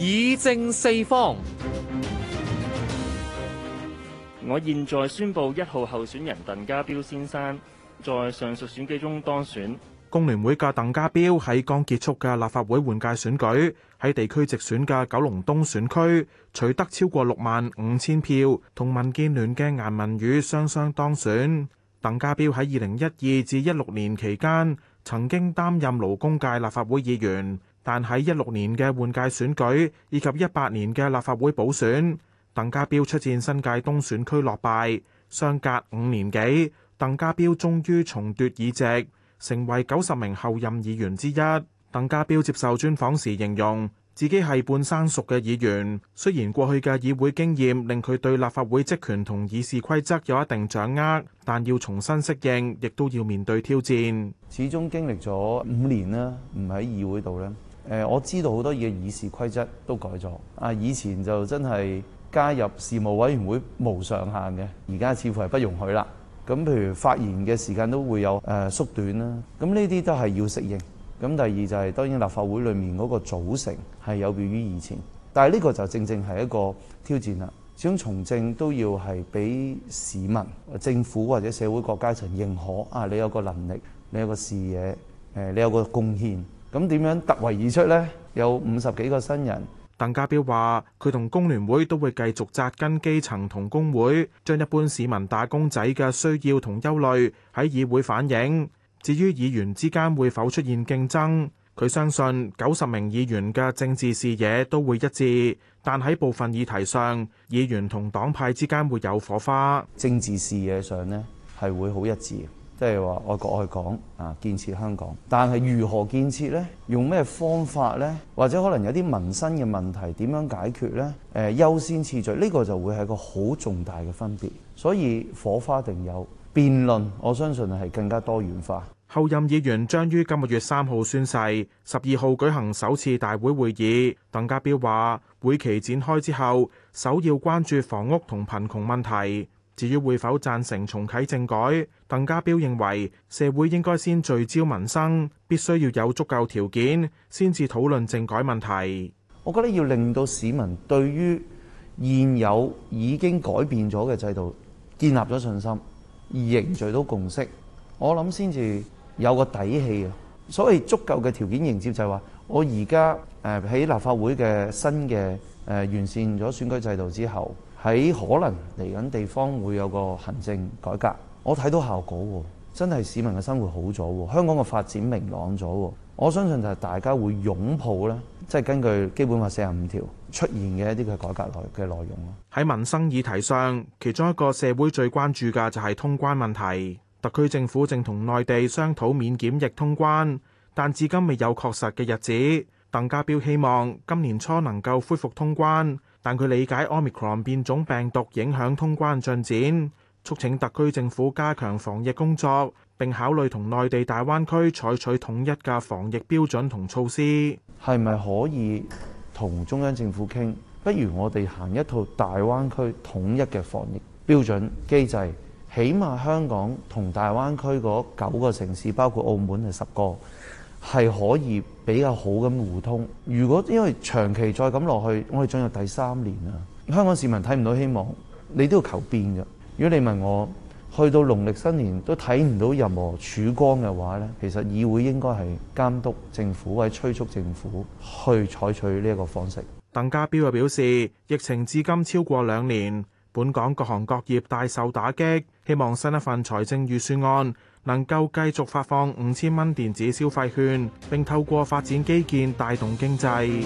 議政四方。我現在宣布，一號候選人鄧家彪先生在上述選舉中當選。工聯會嘅鄧家彪喺剛結束嘅立法會換屆選舉，喺地區直選嘅九龍東選區取得超過六萬五千票，同民建聯嘅顏文宇雙雙當選。鄧家彪喺二零一二至一六年期間曾經擔任勞工界立法會議員。但喺一六年嘅換屆選舉以及一八年嘅立法會補選，鄧家彪出戰新界東選區落敗，相隔五年幾，鄧家彪終於重奪議席，成爲九十名候任議員之一。鄧家彪接受專訪時形容自己係半生熟嘅議員，雖然過去嘅議會經驗令佢對立法會職權同議事規則有一定掌握，但要重新適應，亦都要面對挑戰。始終經歷咗五年啦，唔喺議會度咧。我知道好多嘢議事規則都改咗，啊，以前就真係加入事務委員會無上限嘅，而家似乎係不容許啦。咁譬如發言嘅時間都會有縮短啦。咁呢啲都係要適應。咁第二就係當然立法會裏面嗰個組成係有別於以前，但係呢個就正正係一個挑戰啦。始終從政都要係俾市民、政府或者社會各階層認可啊！你有個能力，你有個視野，你有個貢獻。咁點樣突圍而出呢？有五十幾個新人。鄧家彪話：佢同工聯會都會繼續紮根基層同工會，將一般市民打工仔嘅需要同憂慮喺議會反映。至於議員之間會否出現競爭，佢相信九十名議員嘅政治視野都會一致，但喺部分議題上，議員同黨派之間會有火花。政治視野上呢，係會好一致。即係話愛國愛港啊，建設香港。但係如何建設呢？用咩方法呢？或者可能有啲民生嘅問題點樣解決呢？誒，優先次序呢個就會係一個好重大嘅分別。所以火花定有辯論，我相信係更加多元化。候任議員將於今個月三號宣誓，十二號舉行首次大會會議。鄧家彪話：會期展開之後，首要關注房屋同貧窮問題。至於會否贊成重啟政改？鄧家彪認為社會應該先聚焦民生，必須要有足夠條件先至討論政改問題。我覺得要令到市民對於現有已經改變咗嘅制度建立咗信心，而凝聚到共識，我諗先至有個底氣啊！所謂足夠嘅條件迎接就係話，我而家誒喺立法會嘅新嘅誒完善咗選舉制度之後。喺可能嚟緊地方會有個行政改革，我睇到效果喎，真係市民嘅生活好咗喎，香港嘅發展明朗咗喎，我相信就係大家會擁抱咧，即係根據基本法四十五條出現嘅一啲嘅改革內嘅內容咯。喺民生議題上，其中一個社會最關注嘅就係通關問題。特區政府正同內地商討免檢疫通關，但至今未有確實嘅日子。鄧家彪希望今年初能夠恢復通關。但佢理解 omicron 變種病毒影響通關進展，促請特區政府加強防疫工作，並考慮同內地大灣區採取統一嘅防疫標準同措施。係咪可以同中央政府傾？不如我哋行一套大灣區統一嘅防疫標準機制，起碼香港同大灣區嗰九個城市，包括澳門係十個。係可以比較好咁互通。如果因為長期再咁落去，我哋進入第三年啦，香港市民睇唔到希望，你都要求變噶。如果你問我，去到農曆新年都睇唔到任何曙光嘅話呢，其實議會應該係監督政府或者催促政府去採取呢一個方式。鄧家彪又表示，疫情至今超過兩年，本港各行各業大受打擊，希望新一份財政預算案。能夠繼續發放五千蚊電子消費券，並透過發展基建帶動經濟。